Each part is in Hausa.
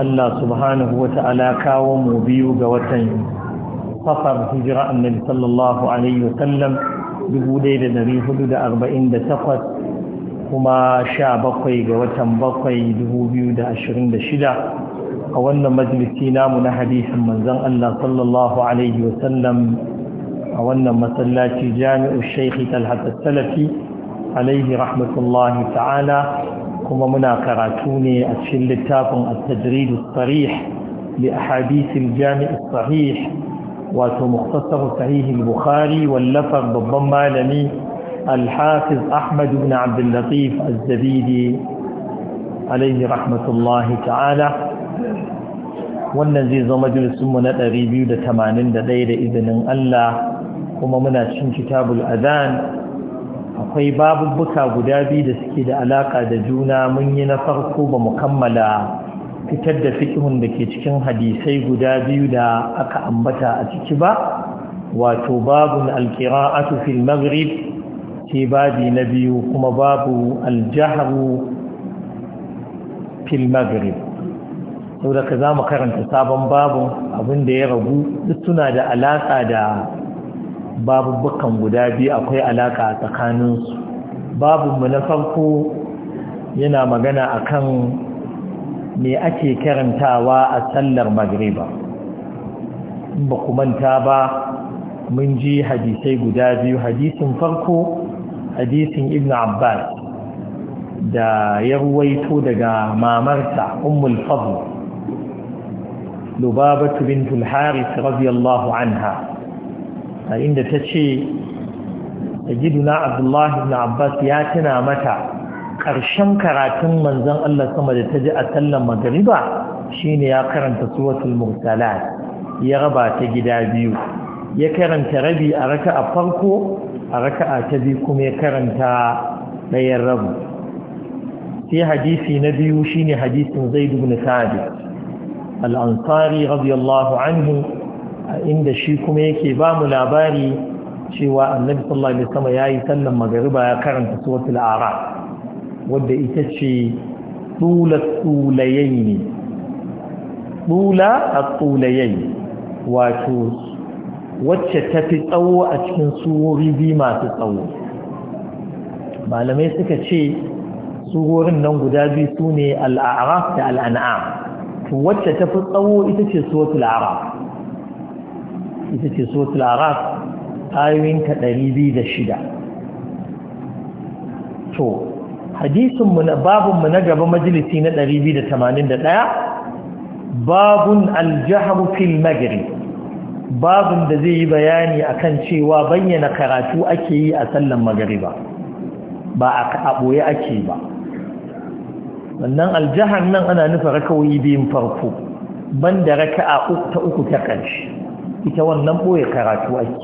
Allah subhanahu wa ta'ala kawo mu biyu ga watan safar hijira annabi sallallahu alaihi wasallam 1448 kuma 17 ga watan 7 2026 a wannan majalisi namu na hadisin manzon Allah sallallahu alaihi wasallam a wannan masallaci jami'u shaykh talhat salafi alaihi rahmatullahi ta'ala kuma muna karatu ne a cikin littafin at-tajrid sarih li ahadith jami'i sahih wato mukhtasar sahih al-bukhari wallafar babban malami al-hafiz ahmad ibn abd al-latif az-zabidi alayhi rahmatullahi ta'ala wannan zai zama majalisun mu na 281 da izinin Allah kuma muna cikin kitabul adhan akwai babubuka guda biyu da suke da alaka da juna mun yi na farko ba mu kammala fitar da fiƙihun da ke cikin hadisai guda biyu da aka ambata a ciki ba wato babun alkira'atu fil maghrib ce babi na biyu kuma babu aljaharu fil maghrib sau da ka za mu karanta sabon babun abin da ya ragu duk suna da alaka da babubukan guda biyu akwai alaka a tsakaninsu babu na farko yana magana akan me ake karantawa a sallar magriba ba ku manta ba mun ji hadisai guda biyu hadisin farko hadisin ibn abbas da ya ruwaito daga mamarta ummul fadl lubabatu bintul haris radiyallahu anha a inda ta ce sayyiduna abdullahi na abbas ya tuna mata ƙarshen karatun manzon Allah sama da ta ji a sallan magariba shine ya karanta suratul mursalat ya raba ta gida biyu ya karanta rabi a raka'a farko a raka'a ta biyu kuma ya karanta ɗayan rabu sai hadisi na biyu shine hadisin zai ibn sa'd al-ansari radiyallahu anhu inda shi kuma yake ba mu labari cewa annabi sallallahu alaihi wasallam yayi sallan magariba ya karanta suratul a'raf wadda ita ce tula tulayayn tula at-tulayayn wato wacce ta fi tsawo a cikin surori biyu masu tsawo malamai suka ce surorin nan guda biyu sune al-a'raf da al wacce ta fi tsawo ita ce suratul a'raf ita ce suratul araf ayoyinta ɗari biyu da shida to hadisinmu na na gaba majalisi na ɗari biyu da tamanin da ɗaya babun aljahar fil magari babun da zai yi bayani akan cewa bayyana karatu ake yi a sallan magariba ba a ɓoye ake ba wannan aljahar nan ana nufa rakawai biyun farko banda raka'a ta uku ta ƙarshe ita wannan boye karatu ake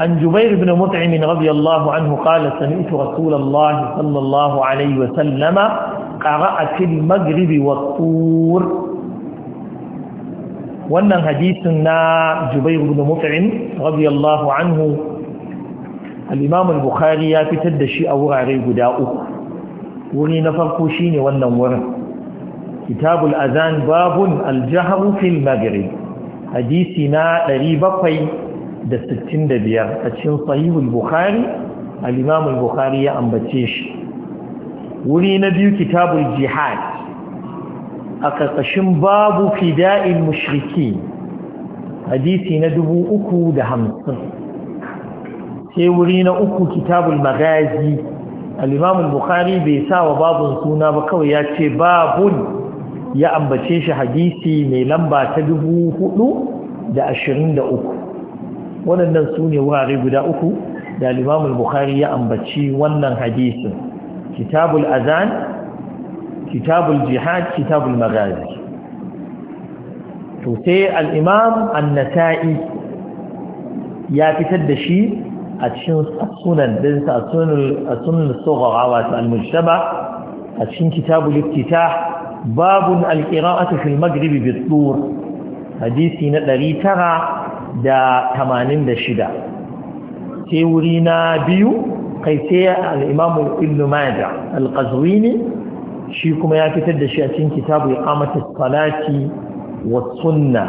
عن جبير بن مطعم رضي الله عنه قال سمعت sallallahu alaihi wa الله عليه وسلم قرأ في المغرب والطور wannan hadisin na Jubair ibn Mut'im radiyallahu anhu al-Imam al-Bukhari ya fitar da shi a wurare guda uku wuri na farko shine wannan wurin Kitabul Azan babun al-jahru fil Maghrib hadisi na 765 a cikin sahihul bukhari al-imam bukhari ya ambace shi wuri na biyu kitabul jihad a ƙarƙashin babu fida'il mushriki hadisi na 350 sai wuri na uku kitabul magazi al-imam bukhari bai sa wa babun suna ba kawai ya ce babun ya ambace shi hadisi mai lamba ta dubu hudu da ashirin da uku waɗannan su ne wurare guda uku da limamul bukhari ya ambaci wannan hadisin kitabul azan kitabul jihad kitabul magazi to sai al'imam annasa'i ya fitar da shi a cikin sunan ɗinsa a sunan tsohon hawa ta a cikin kitabul iftitah babun alƙira'atu fil magribi bi tsur hadisi na shida, sai wuri na biyu kai sai al-imam ibn majah al-qazwini shi kuma ya fitar da shi a cikin kitabu iqamatus salati wa sunna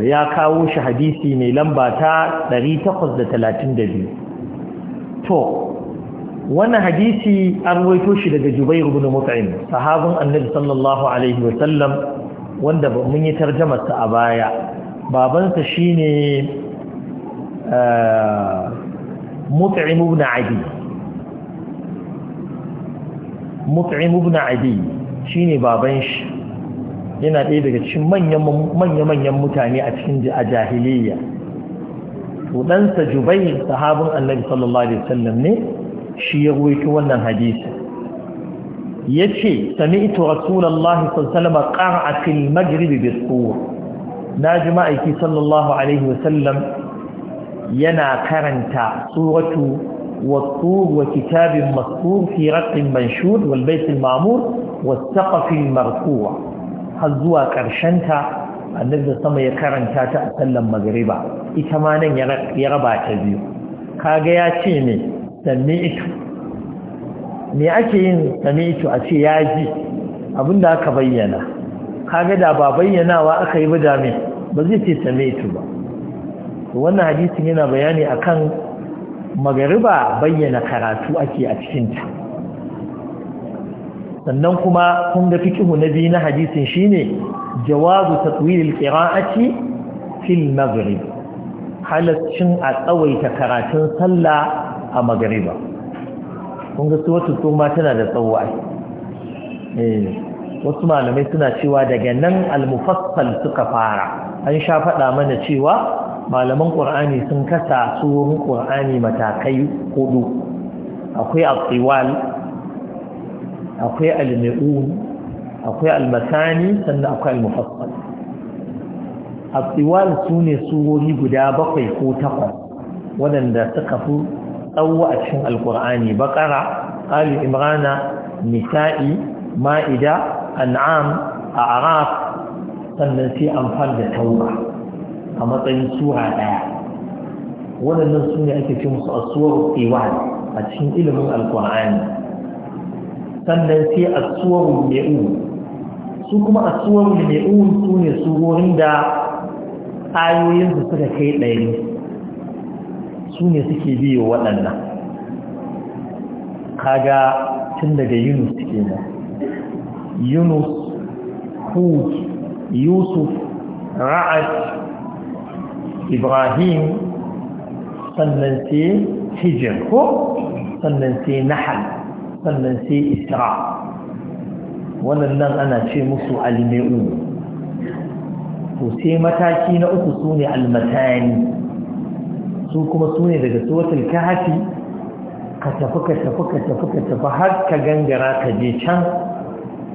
eh, ya kawo shi hadisi mai lamba ta 832 to wannan hadisi an waito shi daga Jubair ibn Mut'im sahabin Annabi sallallahu alaihi wa sallam wanda mun yi tarjumar sa a baya babansa shine eh, Mut'im ibn Adi Mut'im ibn Adi shine baban shi yana ɗaya daga cikin manya-manyan mutane a cikin jahiliya to ɗansa Jubair sahabin Annabi sallallahu alaihi wa sallam ne shi ya ruwaito wannan hadisi yace sami'tu rasulullahi sallallahu alaihi wasallam qara'a fil maghrib bis-suwar naji ma'aiki sallallahu alaihi wasallam yana karanta suratu wat-tur kitabin masthur fi raqin manshud wal bayt al-ma'mur was-saqf al-marfu' har zuwa ta. annabi sama ya karanta ta sallan maghriba ita ma nan ya raba ta biyu kaga ya ce me. sami'tu me ake yin sami'tu a ce ya ji abinda aka bayyana kaga da ba bayyanawa aka yi ba da ba zai ce sami'tu ba wannan hadisin yana bayani akan magariba bayyana karatu ake a cikinta sannan kuma kun ga fikihu na biyu na hadisin shine jawazu tatwilil qira'ati fil maghrib halaccin a tsawaita karatun sallah a magariba kun ga suratul tsoma tana da tsawo eh, wasu malamai suna cewa daga nan almufassal suka fara an sha faɗa mana cewa malaman ƙur'ani sun kasa tsohon ƙur'ani matakai hudu akwai al akwai al akwai almasani, sannan akwai almufassal mufassal su ne tsohoni guda bakwai ko takwas waɗanda suka fi tsawo a cikin alkur'ani bakara ali imrana nisa'i ma'ida an'am a'raf sannan sai amfan da tauba a matsayin sura daya waɗannan su ne ake su musu asuwar iwan a cikin ilimin alkur'ani sannan sai asuwar yau su kuma asuwar yau su ne surorin da ayoyinsu suka kai ɗari su ne suke biyo waɗannan kaga tun daga yunus ke nan yunus hud yusuf ra'ad ibrahim sannan sai hijir ko sannan sai nahal sannan sai isra wannan ana ce musu alme'u to sai mataki na uku su ne almatani su kuma su ne daga suratul kahfi ka tafi ka tafi ka tafi ka tafi har ka gangara ka je can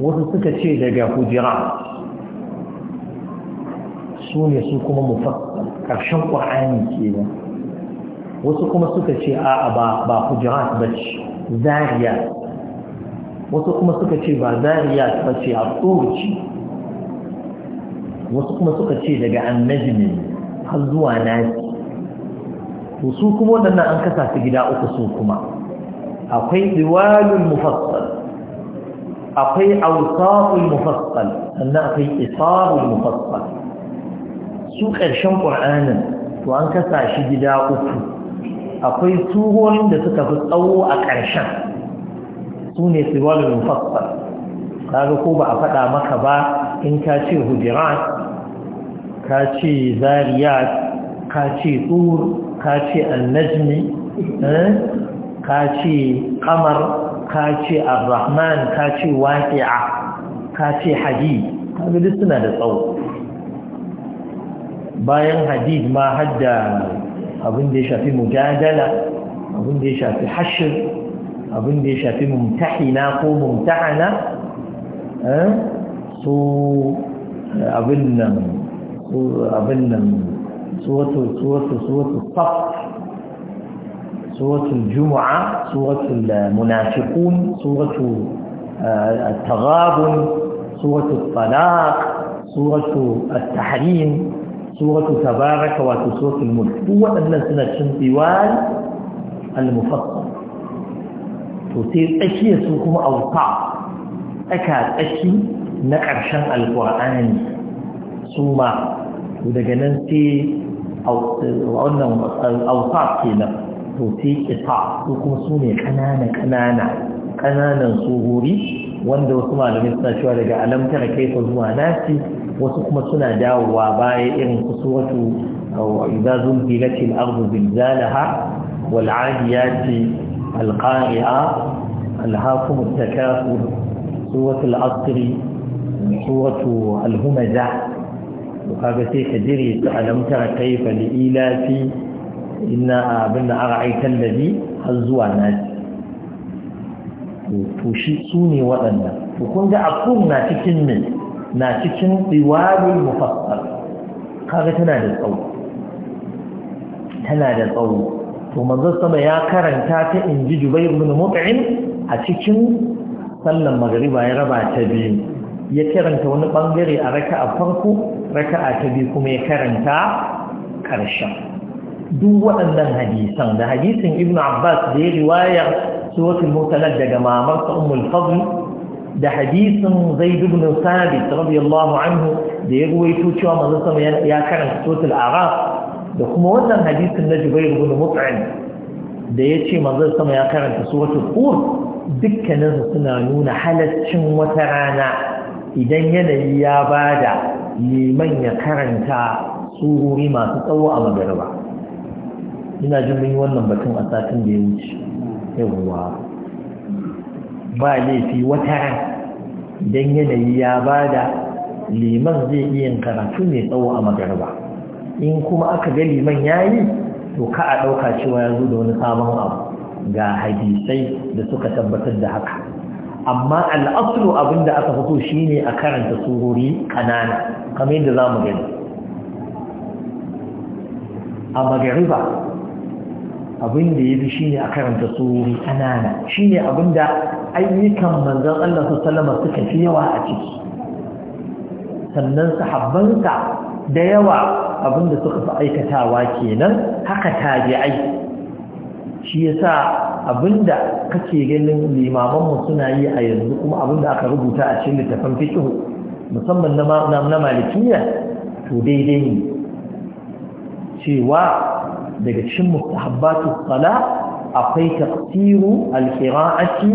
wasu suka ce daga hujira su ne su kuma mufassal karshen qur'ani nan wasu kuma suka ce a ba ba hujira ba ce zariya wasu kuma suka ce ba zariya ba ce a tsoci wasu kuma suka ce daga annajmi har zuwa nasi to su kuma wannan an kasa su gida uku su kuma akwai diwalul mufassal akwai awsaqul mufassal sannan akwai isarul mufassal su ƙarshen qur'anin to an kasa shi gida uku akwai surorin da suka fi tsawo a ƙarshen su ne diwalul mufassal kaga ko ba a faɗa maka ba in ka ce hujirat ka ce zariyat ka ce tsur ka ce annajmi eh? ka ce kamar ka ce arrahman ka ce waƙi'a ka ce hadid suna da tsawo bayan hadid ma hadda abin da ya shafi mujadala abin da ya shafi hashir abin da ya shafi mumtahina ko mumtahana eh? Eh, su abin nan abin nan سورة سورة سورة الصف سورة الجمعة سورة المنافقون سورة آه، التغابن سورة الطلاق سورة التحريم سورة تبارك وسورة الملك هو أن سنة طوال المفصل تصير أشياء سوكم أوقع أكاد أشي نكرشان القرآن سوما ودقنان wannan ausa kenan to sai kita su kuma su ne kanana kanana kananan suhuri wanda wasu malamai suna cewa daga alamtara kai zuwa nasi wasu kuma suna dawowa baya irin su suratu idza zulzilatil ardu zilzalaha wal adiyati al qari'a alhaakum at takathur suratul asr suratu al humazah to kaga sai ka jire su alam tara kaifa li ilafi inna abin da aka aikan da bi har zuwa na to shi su ne waɗannan to kun ga akum na cikin min na cikin tsiwari mufassar kaga tana da tsawo tana da tsawo to manzo sama ya karanta ta inji Jubair ibn Mut'im a cikin sallan magriba ya raba ta biyu ya karanta wani bangare a raka a farko raka'a ta biyu kuma ya karanta ƙarshen duk waɗannan hadisan da hadisin ibn abbas da ya riwayar suratul mutalar daga mamarsa ummul fadl da hadisin zaid ibn sabit radiyallahu anhu da ya ruwaito cewa manzon sama ya karanta suratul araf da kuma wannan hadisin na jubair ibn mut'im da ya ce manzon sama ya karanta suratul qur dukkaninsu suna nuna halaccin wata rana idan yanayi ya bada liman ya karanta tsururi masu tsawo a magariba ina jin yi wannan batun a satin da ya wuce yawwa ba laifi wata ran don yanayi ya ba da liman zai iya karatu mai tsawo a magariba in kuma aka ga liman ya yi to ka a ɗauka cewa ya zo da wani sabon abu ga hadisai da suka tabbatar da haka amma al'aslu abinda aka fito shine a karanta surori kanana kamar yadda za mu gani a magariba abinda ya fi shine a karanta surori kanana shine abinda ayyukan manzan Allah su salama suka fi yawa a ciki sannan sahabbansa da yawa abinda suka fi aikatawa kenan haka tabi'ai shi ya sa. abinda kake ganin limamanmu suna yi a yanzu kuma abinda aka rubuta a cikin littafin fiqh musamman na malikiya to daidai ne cewa daga cikin mustahabbatu sala akwai taqsiru al-qira'ati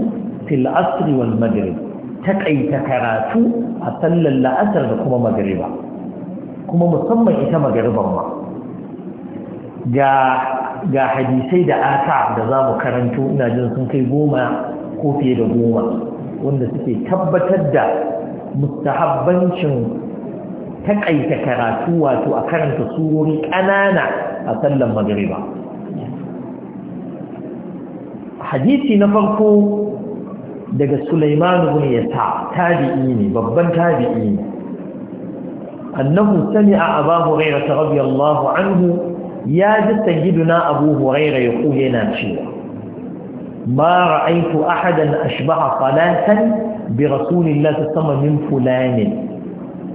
fil asr wal maghrib karatu a sallar la'asar da kuma magriba kuma musamman ita magriban ma ga ga hadisai da ata da za mu karanto ina jin sun kai goma ko fiye da goma wanda suke tabbatar da mustahabbancin takaita karatu wato a karanta surori ƙanana a sallan magariba hadisi na farko daga Sulaiman bin Yasa tabi'i ne babban tabi'i ne annahu sami'a Abu rabi Allahu anhu ya ji sayyiduna abu huraira ya kuge yana cewa ma ra'aitu ahadan ashbaha salatan bi rasulillahi sama min fulani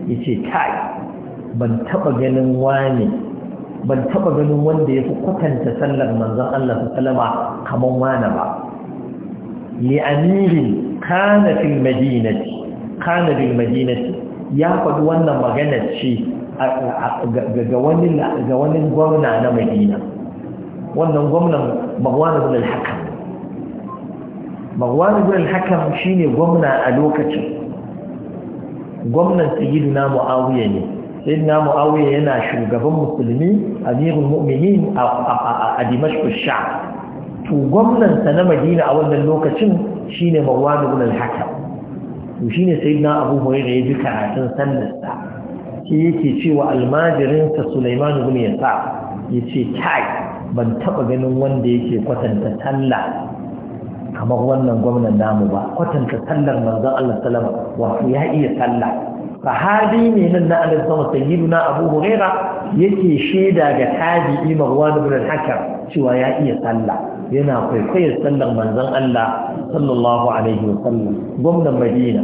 yace kai ban taba ganin wani ban taba ganin wanda yafi kwatanta sallar manzon Allah sallama kaman wani ba li amirin kana fil madinati kana bil madinati ya faɗi wannan magana ce ga wani gwamna na madina wannan gwamnan magwana bin al-hakam magwana bin al-hakam shine gwamna a lokacin gwamnan sayyidina muawiya ne na muawiya yana shugaban musulmi amirul mu'minin a dimashq sha to gwamnansa na madina a wannan lokacin shine magwana bin al-hakam to shine sayyidina abu hurairah ya ji karatun sallarsa sai yake cewa almajirinsa Sulaiman ibn Yasa yace kai ban taba ganin wanda yake kwatanta talla kamar wannan gwamnan namu ba kwatanta tallar manzon Allah sallama wa ya iya sallah sahabi ne nan na Allah sama sayyiduna Abu Huraira yake shaida ga tabi'i Marwan ibn al-Hakam cewa ya iya talla, yana kwaikwayar sallar manzon Allah sallallahu alaihi wa sallam gwamnan Madina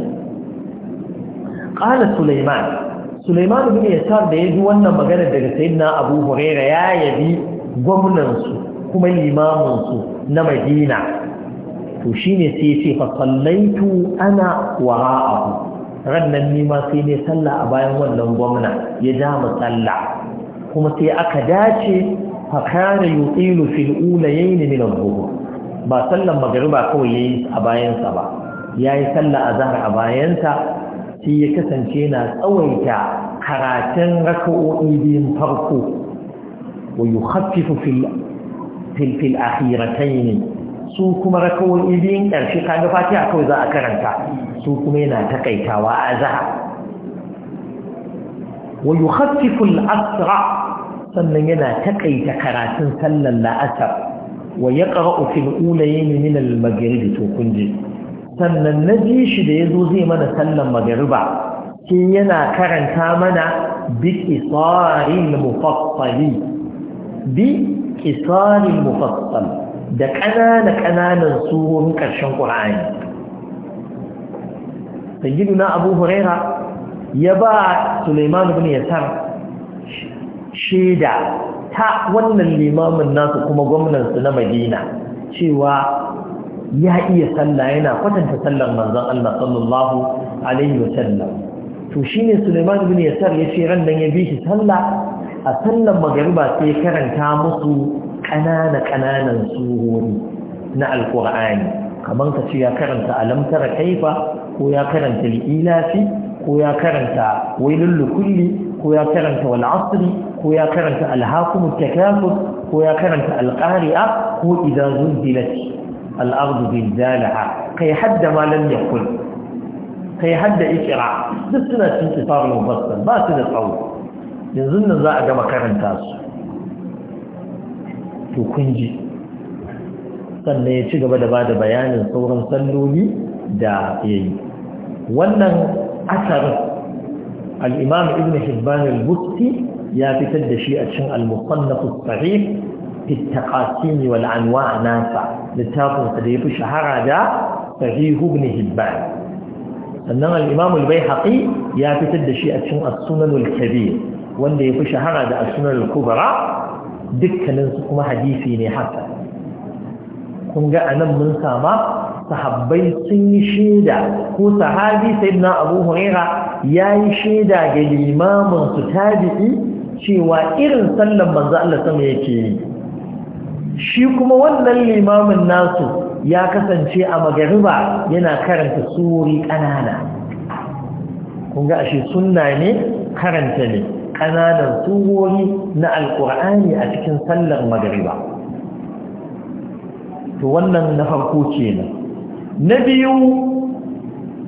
قال سليمان Sulaiman ibn Yasar da ya ji wannan magana daga Sayyidina Abu Huraira ya yabi gwamnansu kuma su na Madina to shine sai ya ce fa sallaitu ana wara'ahu rannan ni ma sai ne sallah a bayan wannan gwamna ya ja mu sallah kuma sai aka dace fa kana yutilu fil ulayayn min adh ba sallan magriba kawai yayi a bayansa ba yayi sallah azhar a bayansa sai ya kasance na tsawaita karatun raka'o'i biyun farko wa yukhaffifu fil fil fil akhiratayn su kuma raka'o'i biyun karshe kaga a kawai za a karanta su kuma yana takaitawa azhar wa yukhaffifu asra sannan yana takaita karatun sallar la'asar wa yaqra'u fil ulayn minal al da to kunje sannan na ji shi da ya zo zai mana sallan magariba shi yana karanta mana bi kisarin mufassali bi mufassal da ƙanana ƙananan surorin ƙarshen ƙur'ani na abu huraira ya ba suleiman bin yasar shaida ta wannan limamin nasu kuma gwamnansu na madina cewa ya iya sallah yana kwatanta sallar manzon Allah sallallahu alaihi wasallam to shine Sulaiman ibn Yasar yace ran dan ya bi shi sallah a sallar magariba sai karanta musu kanana kananan surori na alqur'ani kamar ka ce ya karanta alamtara kaifa ko ya karanta li'ilafi ko ya karanta wailul kulli ko ya karanta wal asri ko ya karanta alhaqum takafur ko ya karanta alqari'a ko idza zulzilat Al'adu bin jalaha kai hadda malam lam kun. kai hadda ikira duk suna cin tsifar mufassal ba su da tsawo yanzu nan za a gama karanta su to kun ji sannan ya ci gaba da ba da bayanin sauran salloli da yayi wannan asarin al-imam ibn hibban Bukti, busti ya fitar da shi a cikin al-musannaf sahih a في التقاسيم والأنواع ناسا لتابع صديق شهر دا صحيح ابن ya fitar da shi a cikin السنن الكبير wanda ya fi shahara da asunan kubara dukkaninsu kuma hadisi ne haka Kunga ga a nan mun sama sahabbai sun yi shaida ko sahabi sai na abu huraira ya yi shaida ga limamin su tabi'i cewa irin sallan banza Allah sama yake yi shi kuma wannan limamin nasu ya kasance a magariba yana karanta suri ƙanana kunga ashe sunna ne karanta ne ƙananan surori na alƙur'ani a cikin sallar magariba to wannan na farko ce na biyu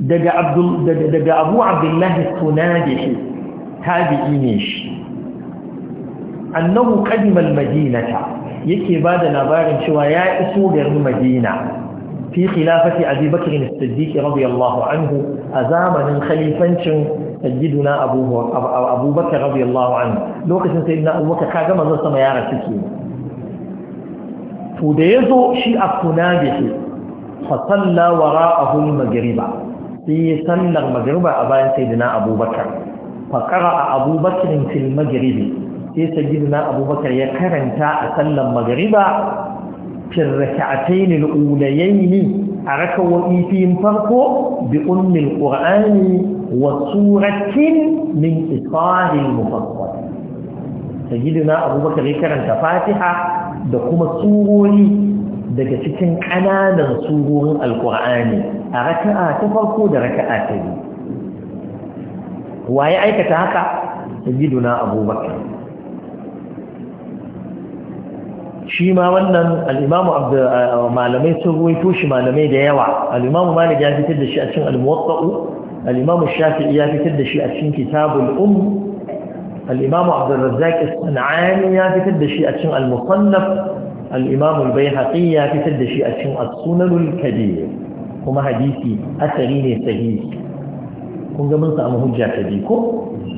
daga abu abdullahi tunadihi tabi'i ne shi annahu qadimal madinata yake ba da labarin cewa ya iso garin madina fi khilafati abi bakr as-siddiq radiyallahu anhu a zamanin khalifancin sayyiduna abu abu bakr radiyallahu anhu lokacin sayyidina abu bakr kaga manzon sama ya rasu ke to da yazo shi akunabi fa salla wara'ahu al-maghriba sai sallar maghriba a bayan sayyidina abubakar fa qara'a abubakar fil maghribi sai sayyidina abubakar ya karanta a sallan magariba fi rak'atayn al-ulayayn a rakawoyi biyun farko bi al qur'ani wa suratin min isaril mufassal sayyidina abubakar ya karanta fatiha da kuma surori daga cikin ƙananan surorin alƙur'ani a raka'a ta farko da raka'a ta biyu waye aikata haka sayyiduna abubakar shi ma wannan al'imamu malamai sun ruwaito shi malamai da yawa al'imamu malik ya fitar da shi a cikin al'uwatsa'u al'imamu shafi'i ya fitar da shi a cikin kitabul um al'imamu abdurrazzaq sana'ani ya fitar da shi a cikin al-musannaf al'imamu al haƙi ya fitar da shi a cikin as-sunanul kabir kuma hadisi asali ne sahi. kun ga mun samu hujja ta ko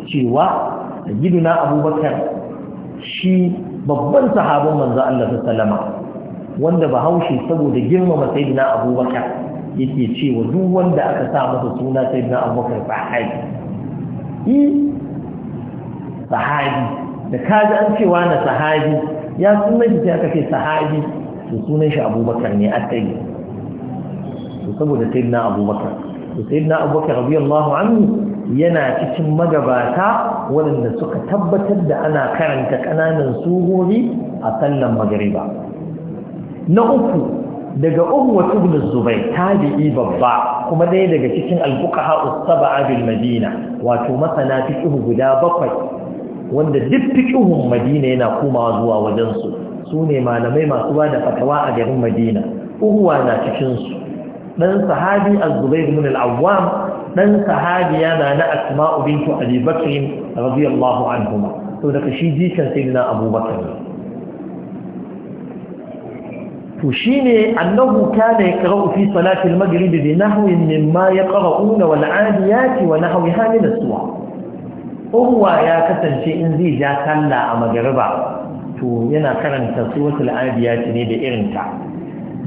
cewa a gidina abubakar shi babban sahabin manzo Allah sallama wanda bahaushe saboda girmama sayyidina abubakar yake cewa duk wanda aka sa masa suna sayyidina abubakar sahabi i sahabi da kaji an cewa na sahabi ya sunan shi aka ce sahabi to sunan shi abubakar ne asali to saboda sayyidina abubakar to sayyidina abubakar radiyallahu anhu yana cikin magabata waɗanda suka tabbatar da ana karanta ƙananan suhori a sallan magariba na uku daga uwatu ibn zubai tabi'i babba kuma ɗaya daga cikin alfuqaha as-sab'a bil madina wato masana fiqh guda bakwai wanda duk fiqhun madina yana komawa zuwa wajen su sune malamai masu ba da fatawa a garin madina uwa na cikin su dan sahabi az-zubair ibn al-awwam Ɗan sahabiya na na asma'u bintu abi bakr radiyallahu anhu, to daga shi jikan sayyidina abubakar to shine annahu kana yaqra'u fi salati al-maghrib bi nahwin mimma yaqra'una wal 'adiyati wa nahwiha min as-suwa uwa ya kasance in zai ja sallah a magriba to yana karanta suratul 'adiyati ne da irinta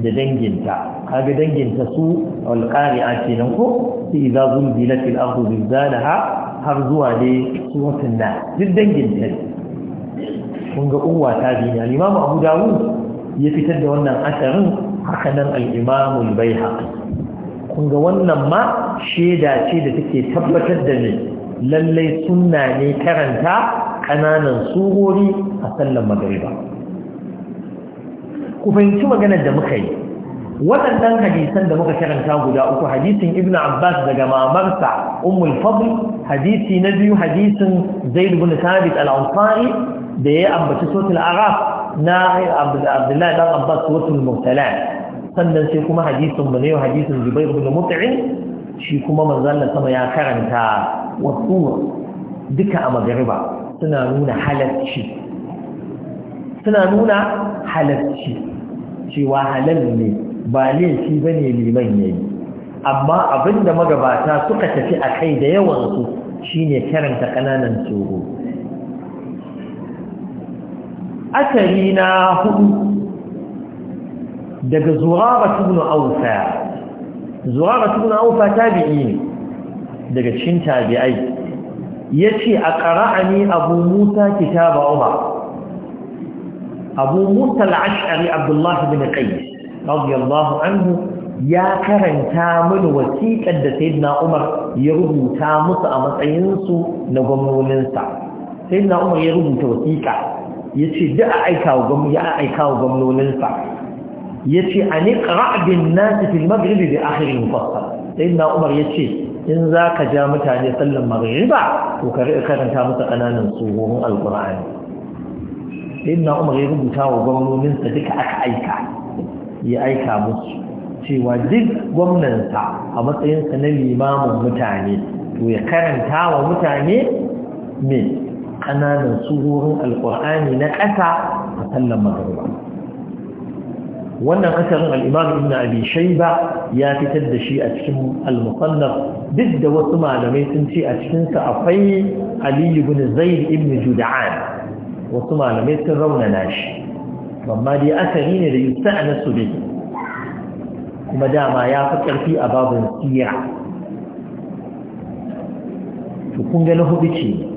da danginta kaga dangin ta su alqari'a kenan ko sai idza zulzilatil ardu zilzalaha har zuwa dai suratul na duk dangin ta kun ga uwa ta bi Limamu abu dawud ya fitar da wannan asarin haka nan al-imam al kun ga wannan ma shaida ce da take tabbatar da ne lallai sunna ne karanta ƙananan surori a sallan magariba ku fahimci maganar da muka yi waɗannan hadisan da muka karanta guda uku hadisin ibn abbas daga mamarsa ummul fadl hadisi na biyu hadisin zaid ibn thabit al-ansari da ya ambaci suratul araf na abdullahi dan abbas suratul murtala sannan sai kuma hadisin mu ne hadisin zubair ibn mut'im shi kuma manzon sama ya karanta wasu duka a magariba suna nuna halacci suna nuna halacci cewa halal ne ba laifi ba ne liman ya yi amma abinda magabata suka tafi a kai da yawansu shi ne karanta ƙananan tsoro asali na hudu daga zuwa tubnu ausa zurara tubnu ausa tabi'i ne daga cikin tabi'ai ya ce a ƙara'ani abu musa kitaba umar abu musa al Abdullahi abdullah ibn qais radiyallahu anhu ya karanta mini wasiƙar da sayyidina Umar ya rubuta musu a matsayinsu na gwamnoninsa sayyidina Umar ya rubuta wasiƙa yace da a aika wa gwamnati ya aika wa gwamnoninsa yace ani qra'bin nas fil maghrib bi akhir mufassal sayyidina Umar yace in zaka ja mutane sallan maghriba to ka karanta musu kananan tsohon alqur'ani sayyidina Umar ya rubuta wa gwamnoninsa duka aka aika ya aika musu cewa duk gwamnansa a matsayinsa na limamin mutane to ya karanta wa mutane mai ƙananan surorin alƙur'ani na ƙasa a sallan magariba wannan asarin al'imam ibn abi shaiba ya fitar da shi a cikin al-musannaf duk da wasu malamai sun ce a cikinsa akwai aliyu ibn zaid ibn juda'an wasu malamai sun raunana shi amma dai asali ne da yusa a nasu kuma dama ya fi ƙarfi a babin siya to kun ga hudu ce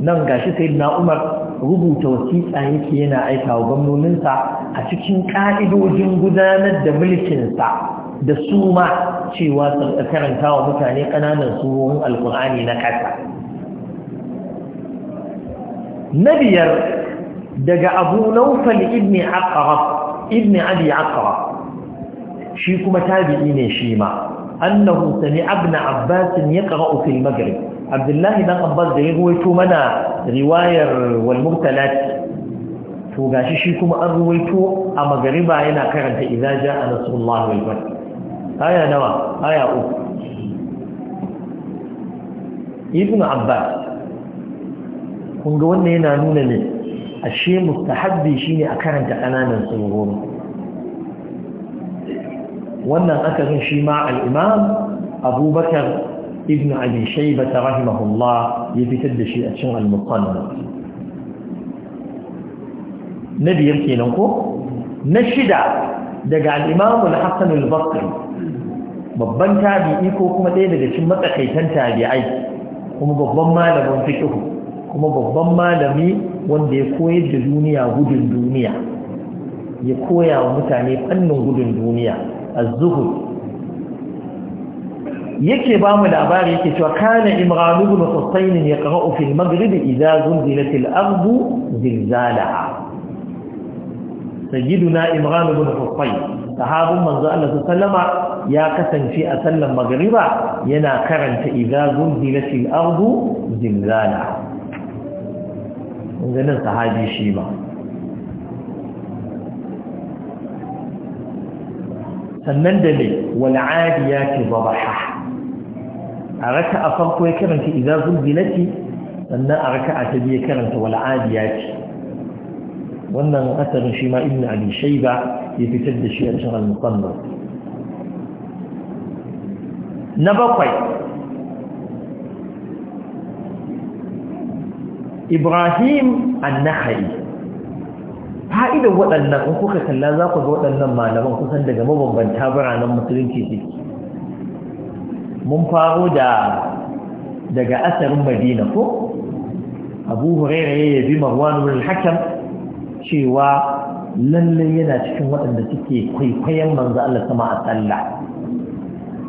nan gashi sai na umar rubuta wasiƙa yake yana aika wa gwamnoninsa a cikin ƙa'idojin gudanar da mulkinsa da su ma cewa karanta wa mutane ƙananan surorin Alƙur'ani na ƙasa na biyar daga abu naufal ibn aqrab ibn abi aqrab shi kuma tabi'i ne shi ma annahu sami ibn abbas yaqra'u fil maghrib abdullahi dan abbas da ya ruwaito mana riwayar wal murtalat to gashi shi kuma an ruwaito a magariba yana karanta idza jaa nasrullah wal fath aya nawa aya uku ibn abbas kun ga wannan yana nuna ne ashe mustahabbi shine a karanta ƙananan surori wannan asarin shi ma al'imam abubakar ibn shai ba ta rahimahullah ya fitar da shi a cin al na biyar kenan ko na shida daga al Hassan al-hasan babban tabi'i ko kuma ɗaya daga cikin matsakaitan tabi'ai kuma babban malamin fiqh kuma babban malamin. wanda ya koyar da duniya gudun duniya ya koya wa mutane fannin gudun duniya a zuhud yake ba mu labari yake cewa kana imran ibn husayn yaqra'u fi al-maghrib idza zulzilat al-ard zilzalaha sayyiduna imran ibn husayn sahabun manzo Allah sallama ya kasance a sallan magriba yana karanta idza zulzilat al-ard zilzalaha ganin sahabi shi ba sannan da ne wal'adiyati dhabaha a raka a farko ya karanta na zulzilati sannan a raka a ta biya karanta wal'adi ya ce wannan asarin shi ma ibn Ali Shaiba ya fitar da shi a cikin al-musannaf na bakwai ibrahim annahari fa'idan waɗannan in kuka kalla za ku ga waɗannan malaman kusan daga mabambanta biranen musulunci suke mun faro da daga asarin madina ko abu huraira ya yabi marwan wurin hakan cewa lallai yana cikin waɗanda suke kwaikwayon manzo Allah sama a sallah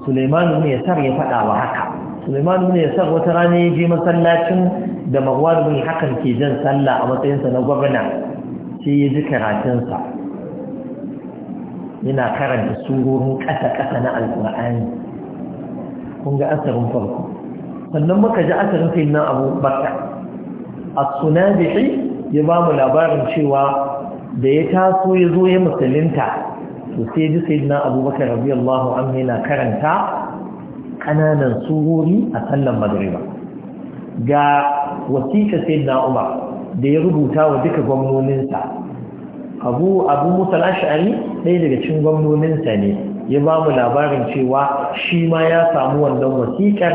Suleiman ne ya sar ya faɗa wa haka Sulaiman ibn Yasar wata rana ya je masallacin da Marwan ibn Hakan ke jan sallah a matsayinsa na gwamna sai ya ji karatunsa yana karanta surorin ƙasa-ƙasa na Al-Qur'ani. kun ga asarin farko sannan muka ji asarin sai na Abu Bakar as-Sunabihi ya ba mu labarin cewa da ya taso ya zo ya musulunta to sai ji sayyidina Abu Bakar radiyallahu anhu yana karanta ƙananan surori a sallan magariba ga wasiƙa sayyidina umar da ya rubuta wa duka gwamnoninsa abu abu musal ash'ari ɗaya daga cikin gwamnoninsa ne ya ba mu labarin cewa shi ma ya samu wannan wasiƙar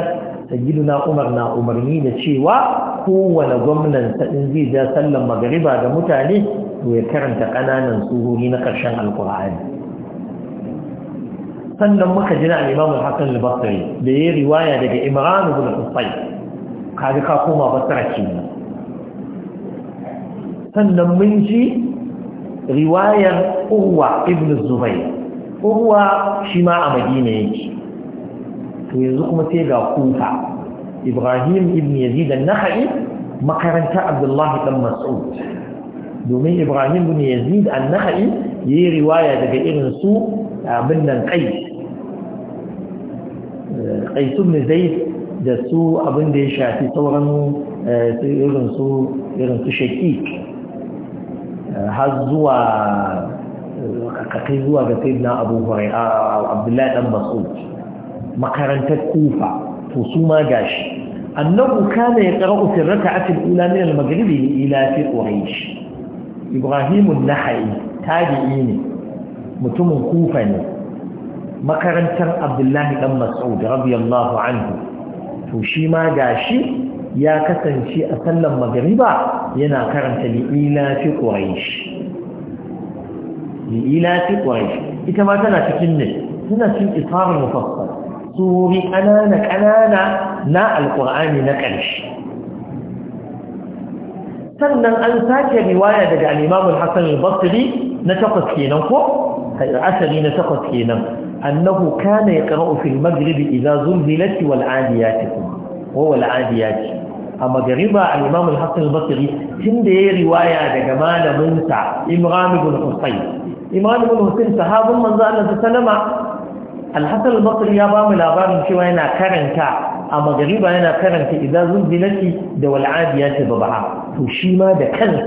na umar na umarni da cewa kowane gwamnan in zai ja sallan magariba ga mutane to ya karanta ƙananan surori na ƙarshen alkur'ani sannan muka jina al-imam al basri da yayi riwaya daga imran ibn husayn kaga ka koma basra kenan sannan mun ji riwayar urwa ibn zubair urwa shi ma a madina yake to yanzu kuma sai ga kufa ibrahim ibn yazid an-nakhai makaranta abdullahi dan mas'ud domin ibrahim ibn yazid an-nakhai yi riwaya daga irin su abin nan kai kai ne zai da su abin da ya shafi sauran eh, irin su irin su shaki har zuwa kakai zuwa ga sayyidina abu hurairah abdullahi dan mas'ud makarantar kufa to su ma gashi annabu kana yaqra'u fi rak'ati al-ula min al-maghribi ila fi quraish ibrahimun nahayi tabi'i ne mutumin kufa ne makarantar abdullahi ɗan mas'ud radiyallahu anhu to shi ma gashi ya kasance a sallan magariba yana karanta li'ila fi quraish li'ila fi quraish ita ma tana cikin ne tana cikin isharul mufassal suri kanana kanana na alqur'ani na ƙarshe sannan an sake riwaya daga al-Imam al-Hasan al-Basri na takwas kenan ko asali na takwas kenan annahu kana yaqra'u fil maghrib idza zulzilat wal 'adiyat wa wal 'adiyat a magariba al-Imam al-Hasan al-Basri tunda yayi riwaya daga malamin sa Imran ibn Husayn Imran ibn Husayn sahabin manzo Allah sallama alhassan al ya ba mu labarin cewa yana karanta a magariba yana karanta izazun zulzilati da wal adiyati babaha to shi ma da kanta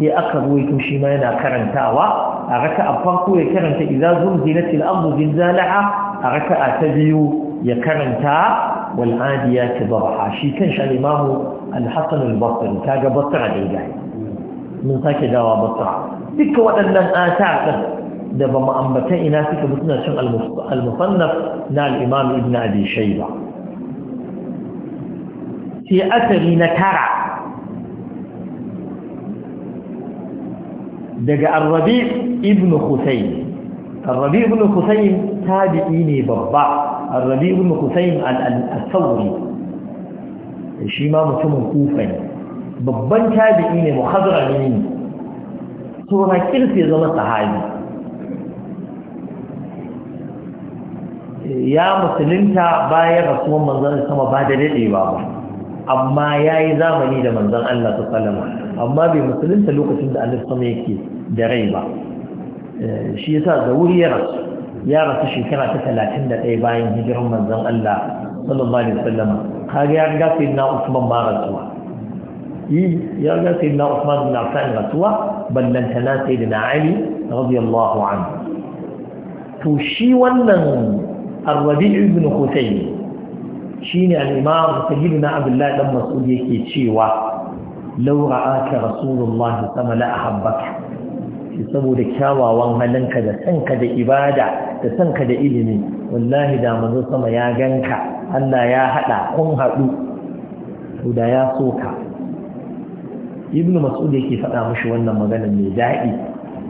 sai aka ruwaito shi ma yana karantawa a raka'a farko ya karanta idza zulzilati al-ardu zilzalaha a ta biyu ya karanta wal adiyati babaha shi kan shi al-imam al-hasan al-basri basra mun sake dawa basra duka waɗannan asar din da ba mu ina suka bi suna cin al-musannaf na al-imam ibn abi shayba sai asali na tara daga ar-rabi ibn husayn ar-rabi ibn husayn tabi'i ne babba ar-rabi ibn husayn al-thawri shi ma mutumin kufa ne babban tabi'i ne muhazrami ne to na kirse zama sahabi ya musulunta bayan rasuwan manzon sama ba da dadewa ba amma yi zamani da manzan Allah sallallahu salama. amma bai musulunta lokacin da Allah sama yake da rai ba eh, shi yasa da wuri ya rasu ya rasu shekara ta talatin da 31 bayan hijiran manzan Allah sallallahu alaihi wasallam kage ya riga sai na Usman ba rasuwa yi ya riga sai na Usman bin Affan rasuwa ballantana sai da Ali radiyallahu anhu to shi wannan الربيع بن خثيم شين الإمام na عبد الله بن مسعود يكي تشيوا لو رآك رسول الله صلى الله أحبك saboda kyawawan halinka da sanka da ibada da sanka da ilimi wallahi da manzo sama ya ganka Allah ya haɗa kun hadu to da ya soka ibnu mas'ud yake faɗa mashi wannan maganar mai daɗi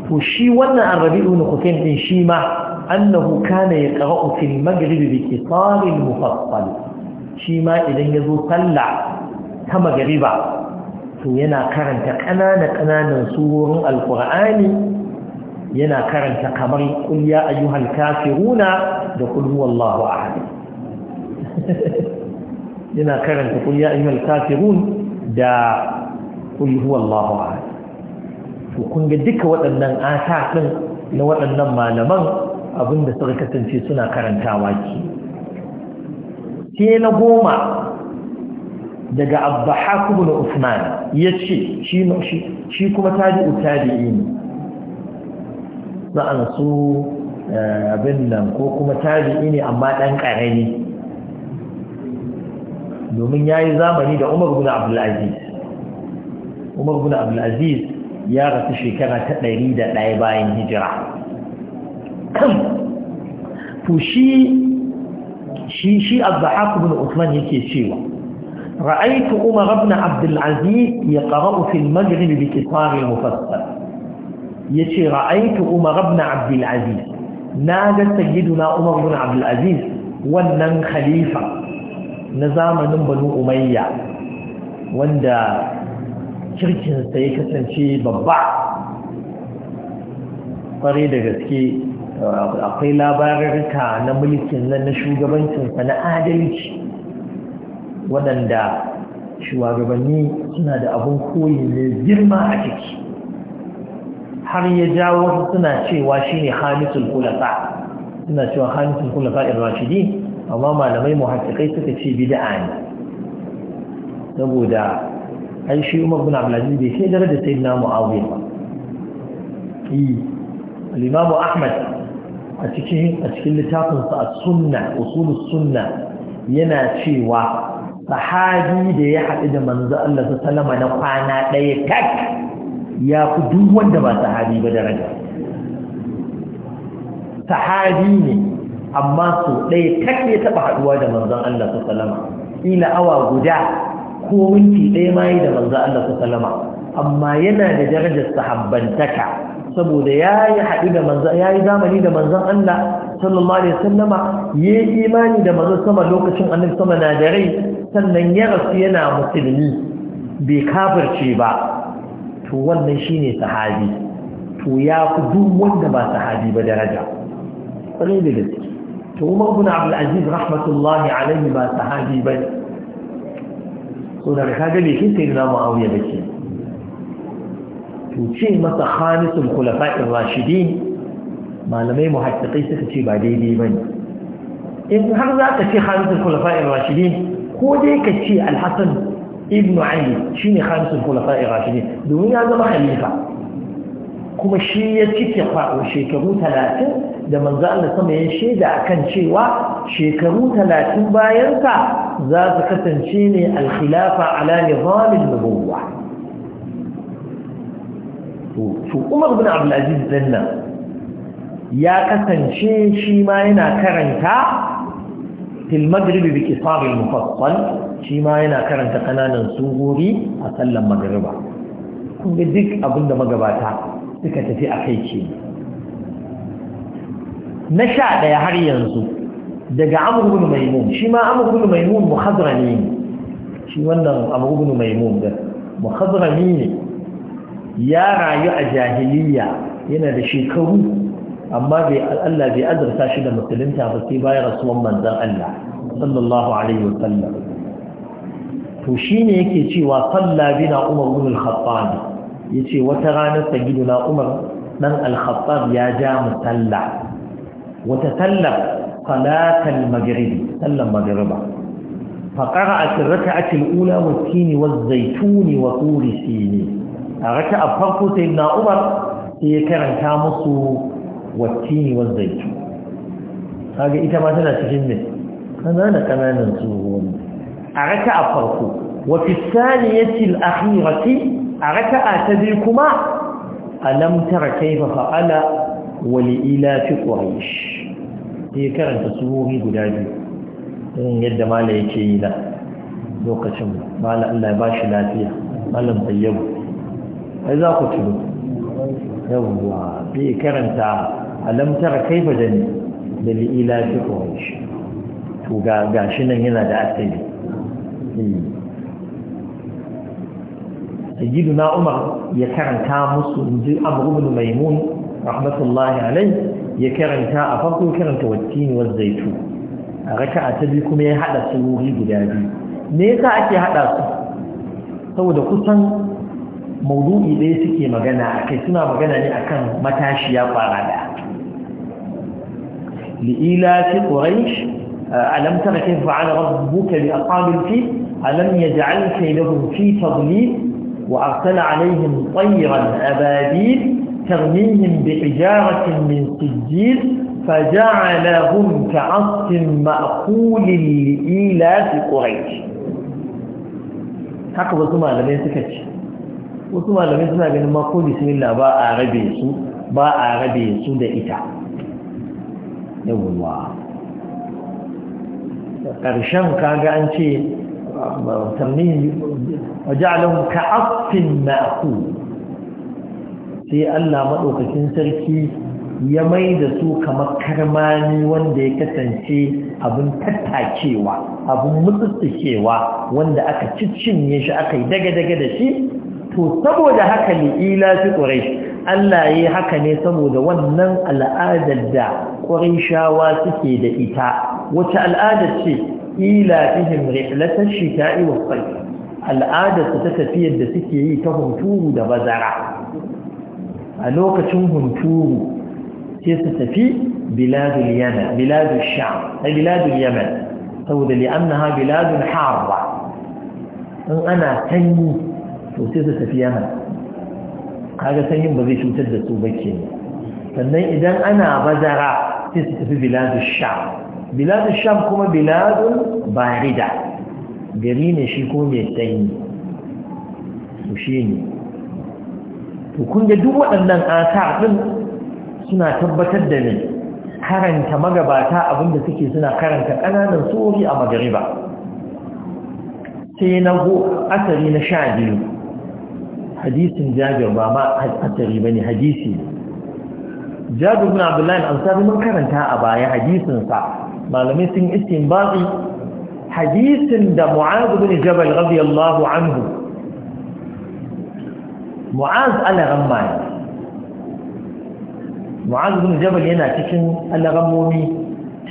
to shi wannan arabi'u ibn husayn din shi ma annahu kana yaqra'u fil maghrib bi qitar al mufassal shi ma idan yazo sallah ta magriba to yana karanta kanana kananan surorin alqur'ani yana karanta kamar qul ya ayyuhal kafiruna da qul huwallahu ahad yana karanta qul ya ayyuhal kafirun da qul huwallahu ahad to kun ga duka waɗannan asa din na waɗannan malaman abin da suka kasance suna karantawa ke sai na goma daga abba hakubu na usman ya ce shi kuma tabi'u tabi'i ne za'an su eh, abin nan ko kuma tabi'i ne amma ɗan ƙarami domin ya yi zamani da umar guna abdulaziz umar guna abdulaziz ya rasu shekara ta ɗari da ɗaya bayan hijira kan to shi shi shi al-zahaq ibn Uthman yake cewa ra'aytu Umar ibn Abd al-Aziz yaqra'u fi al-Maghrib bi qisar al-mufassal yace ra'aytu Umar ibn Abd al-Aziz naga sayyiduna Umar ibn Abd al-Aziz wannan khalifa na zamanin Banu Umayya wanda kirkin sa ya kasance babba kware da gaske akwai labararka na mulkin nan na shugabancinsa na adalci waɗanda shugabanni suna da abin koyi mai girma a ciki har ya jawo suna cewa shi ne hamisul kulasa suna cewa hamisul kulasa ne? amma malamai muhakkakai suka ce bida'a ne saboda ai shi umar bin abdulaziz bai sai da sayyidina muawiya ba الإمام Ahmad. a cikin a cikin littafinsa a sunna usulus sunna yana cewa sahabi da ya haɗu da manzo Allah ta salama na kwana ɗaya tak ya fi duk wanda ba sahabi ba daraja sahabi ne amma so ɗaya tak ya taɓa haɗuwa da manzon Allah ta salama ila awa guda ko minti ɗaya ma yi da manzon Allah ta salama amma yana da darajar sahabbantaka saboda ya yi haɗu da manzan ya yi zamani da manzan Allah sallallahu alaihi sallama ya yi imani da manzan sama lokacin annabi sama na da rai sannan ya rasu yana musulmi bai kafirce ba to wannan shi ne sahabi to ya fi duk wanda ba sahabi ba daraja kwarai da gaske to Umar ibn Abdul Aziz rahmatullahi alaihi ba sahabi ba ne so daga kaga bai kin sai na Muawiya bace to ce masa khamisul khulafa'ir rashidin malamai muhaddiqai suka ce ba daidai bane in har za ka ce khamisul khulafa'ir rashidin ko dai ka ce al-hasan ibn ali shine khamisul khulafa'ir rashidin domin ya zama khalifa kuma shi ya cike fa'o shekaru 30 da manzo Allah sama ya shaida akan cewa shekaru 30 bayan sa za su kasance ne al-khilafa ala nizamin nubuwwa to umar bin abdulaziz din nan ya kasance shi ma yana karanta fil maghrib bi qisar mufassal shi ma yana karanta kananan suguri a sallan magariba. Kuma duk abinda magabata suka tafi a kai ce na sha daya har yanzu daga amr maimun shi ma amr maimun muhadrami ne shi wannan amr maimun da ne ya rayu a jahiliya yana da shekaru amma Allah bai azurta shi da musulunta ba sai bayan rasuwan manzan Allah sallallahu alaihi wasallam to shine yake cewa sallabi na Umar ibn al ya yace wata ranar rana na Umar nan al ya ja mu salla wata sallar salatal maghrib sallar maghriba فقرأت الركعة الأولى والتين والزيتون وطور سينين a raka a farko sai na umar sai ya karanta musu wattini wanda yake kaga ita ma tana cikin ne kanana kananan tsohon a raka a farko wafi saniyatil akhirati a raka a ta biyu kuma alam tara kaifa fa'ala wali ila fi quraish sai karanta suhohi guda biyu irin yadda mala yake yi na lokacin mala Allah ya ba shi lafiya malam tayyabu ai za ku tuno yawwa bi karanta alam tara kaifa dani da ila fi quraish to ga gashi nan yana da asali hmm. na umar ya karanta musu inji amru maimun rahmatullahi alai ya karanta a farko karanta wattini wa zaitu a raka'a ta biyu kuma ya haɗa su guda biyu me yasa ake haɗa su saboda kusan موضوعي ليس كي مغانا كيسنا مغانا لأكام متاشيا فارادا لإلا في قريش ألم ترى كيف فعل ربك لأقام الفيل ألم يجعل كيلهم في تضليل وأرسل عليهم طيرا أبابيل ترميهم بحجارة من سجيل فجعلهم كعصف مأقول لإلا قريش هكذا ثم لم يسكتش. wasu malamai suna ganin ma ko bismillah ba a rabe su ba a rabe su da ita yawwa ƙarshen kaga an ce tambayin wajalun ka na ku. sai Allah maɗaukakin sarki ya mai da su kamar karmani wanda ya kasance abin tattakewa abin mutsutsukewa wanda aka ciccinye shi aka yi daga-daga da shi to saboda haka ne ila fi ƙwarai Allah ya yi haka ne saboda wannan al'adar da ƙwarai shawa suke da ita wacce al'adar ce ila fihim rihlatar shita'i wa ƙwai al'adar ta tafiyar da suke yi ta hunturu da bazara a lokacin hunturu sai su tafi biladun yaman biladul sham a biladul yaman saboda li'annaha biladul harba in ana sanyi to sai su tafi yana kaga sanyin ba zai cutar da su ba ne, sannan idan ana bazara sai su tafi biladu sham biladu sham kuma biladun barida gari ne shi ko mai sanyi su shi ne to duk waɗannan asar ɗin suna tabbatar da ne karanta magabata abinda suke suna karanta ƙananan tsohi a magariba sai na go asali na sha biyu hadisin jabir ba ma hatsari bane hadisi jabir bin abdullahi al-ansari mun karanta a baya hadisinsa malamai sun istinbati hadisin da mu'az bin jabal radiyallahu anhu mu'az al-ghamma mu'az bin jabal yana cikin al-ghammumi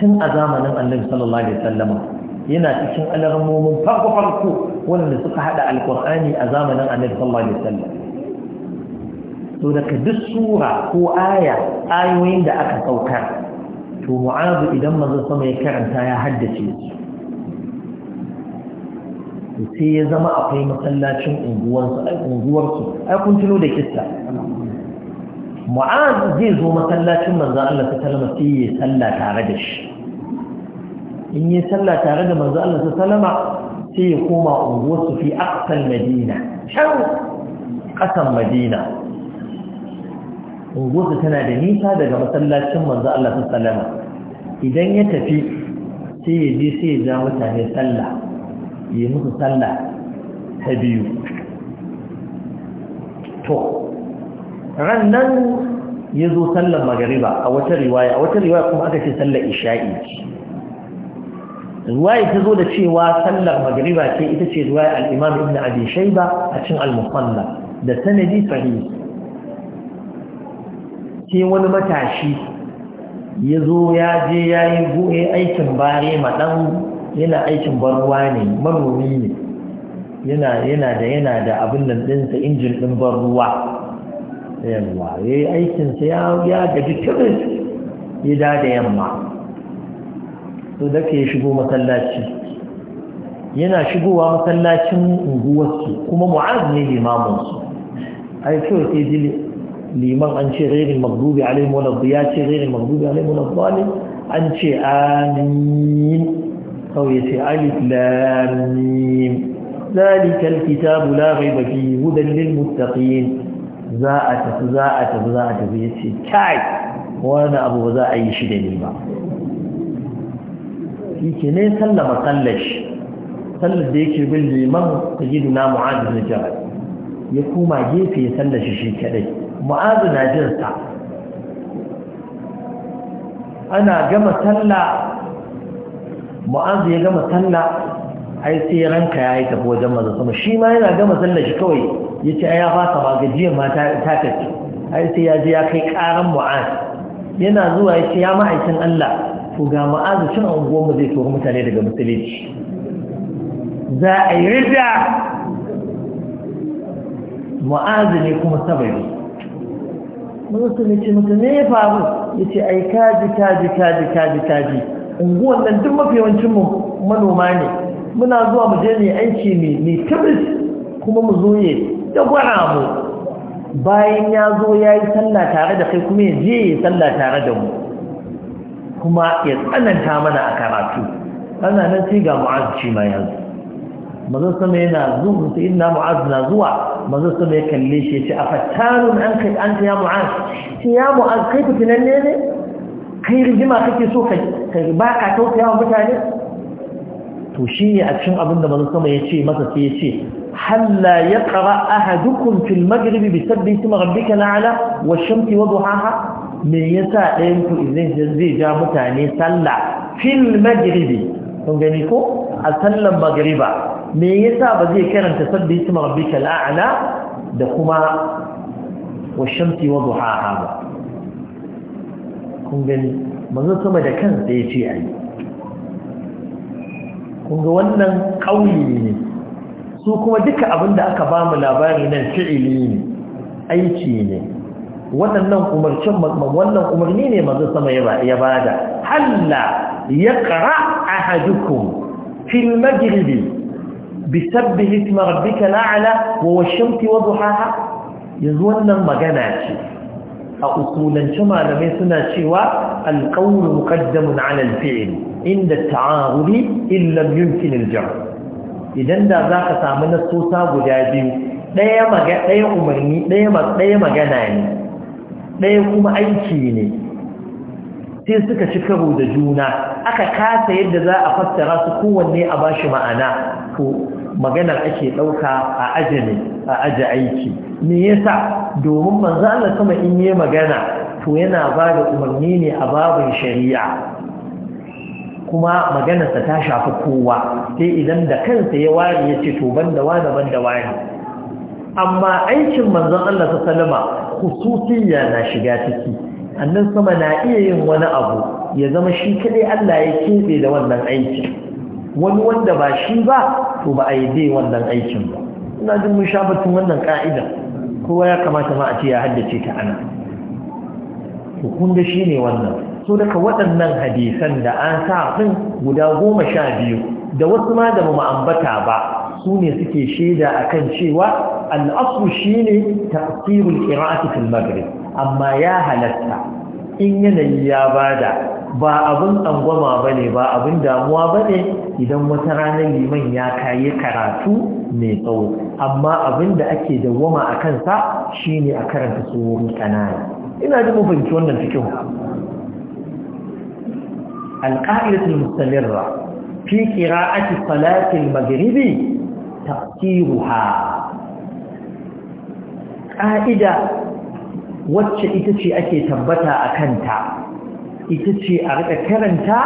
tun a zamanin annabi sallallahu alaihi wasallam yana cikin alarmomin farko farko wanda suka hada alkur'ani a zamanin annabi sallallahu alaihi wasallam to daga duk sura ko aya ayoyin da aka sauka to mu'azu idan manzo sama ya karanta ya haddace su sai ya zama akwai masallacin unguwarsu ai unguwarsu ai kun tuno da kissa mu'azu zai zo masallacin manzo Allah ta sallama sai ya salla tare da shi in yi sallah tare da manzo Allah sallama sai ya koma unguwarsu fi aqsal madina Shan kasan madina unguwarsu tana da nisa daga masallacin manzo Allah sallama idan ya tafi sai ya je sai ya ja mutane sallah yi musu sallah ta biyu to ran nan ya zo sallar magariba a wata riwaya a wata riwaya kuma aka ce sallar isha'i ruwaya ta zo da cewa sallar magariba ce ita ce ruwaya alimam imam ibn abi shayba a cin al da sanadi sahihi Ke wani matashi ya zo ya je ya yi buɗe aikin bare ma ɗan yana aikin barwa ne manomi ne yana yana da yana da abin nan ɗinsa injin ɗin barruwa yamma ya yi aikinsa ya gaji tiris ya da yamma to da ya shigo masallaci yana shigowa masallacin unguwarsu kuma mu'az ne limamunsu, ai kawai sai ji liman an ce rairin magdubi alaihi wani ya ce rairin magdubi alaihi wani an ce amin kawai ce alif lamim ذلك الكتاب لا ريب فيه هدى للمتقين za a tafi za a tafi za a tafi ya ce kai wani abu ba za a yi shi da ni ba shi ke ne sallama sallar shi sallar da yake bin liman ta gidu na mu'adu na jihar ya kuma gefe ya sallar shi shi kadai mu'adu na jinsa ana gama sallah mu'adu ya gama sallah ai sai ranka ya yi tafi wajen maza sama shi ma yana gama sallar shi kawai ya ce ya fasa ma gajiyar ma ta tafi ai sai ya je ya kai karan mu'adu yana zuwa ya ce ya ma'aikin Allah to ga ma'azu cin unguwanmu zai tsohon mutane daga musulunci za a yi rida ma'azu ne kuma sabari musulunci mutum ne ya faru ya ce ai kaji kaji kaji kaji kaji unguwan nan duk mafi manoma ne muna zuwa mu je ne aiki mai tabbis kuma mu zo ne da gwara mu bayan ya zo ya yi sallah tare da kai kuma ya je ya yi sallah tare da mu kuma ya tsananta mana a karatu ana nan sai ga mu'az shi ma yanzu manzo sama yana zuwa sai inna mu'az na zuwa manzo sama ya kalle shi ya ce a fattarun an kai an ta ya mu'az shi ya mu'az kai fitinan ne ne kai rigima kake so kai ba ka tausaya wa mutane to shi ne a cikin abin da manzo sama ya ce masa sai ya ce halla ya qara ahadukum fil maghribi bi sabbi ismi rabbika la'ala wa shamsi wa duhaha me yasa ɗayan ku zai ja mutane sallah fil magribi kun gani ko a sallan magriba me yasa ba zai karanta sabbi isma rabbika al'a'la da kuma washamsi wa duhaha ba kun gani manzo kuma da kansa ce ai kun ga wannan ƙauye ne su kuma duka abinda aka ba mu labari nan fi'ili ne aiki ne waɗannan wannan umarni ne masu sama ya bada halla yaqra ahadukum fil maghribi bisabbih isma rabbika al'ala wa wash wa duhaha yanzu wannan magana ce a usulance malamai suna cewa al-qawlu muqaddamun 'ala al inda at-ta'arudi illa yumkin idan da za ka samu nasosa guda biyu ɗaya umarni ɗaya magana ne ɗaya kuma aiki ne sai suka ci karo da juna aka kasa yadda za a fassara su kowanne a ba shi ma'ana to maganar ake ɗauka a aji ne, a aji aiki me yasa domin manzo Allah sama in yi magana to yana ba da umarni ne a babin shari'a kuma maganarsa ta shafi kowa sai idan da kansa ya ware ya ce to banda wani banda wani amma aikin manzon Allah ta salama hususiyya na shiga ciki annan sama na iya yin wani abu ya zama shi kadai Allah ya keɓe da wannan aikin wani wanda ba shi ba to ba a yi dai wannan aikin ba ina jin mun sha batun wannan ka'ida kowa ya kamata ma a ce ya haddace ta ana to da shi ne wannan so daga waɗannan hadisan da an sa din guda goma sha biyu da wasu ma da mu ambata ba su ne suke shaida akan cewa al'asu shi ne tafsirul ƙira'ati fil maghrib amma ya halatta in yanayi ya bada ba abin tsangwama ba ne ba abin damuwa ba ne idan wata ranar liman ya kayi karatu mai tsawo amma abin da ake dawwama a kansa shi ne a karanta tsohon ƙanana ina ji mafinci wannan cikin alƙa'idatul mustamirra fi qira'ati magribi maghribi ha. ƙa'ida wacce ita ce ake tabbata a kanta ita ce a rika karanta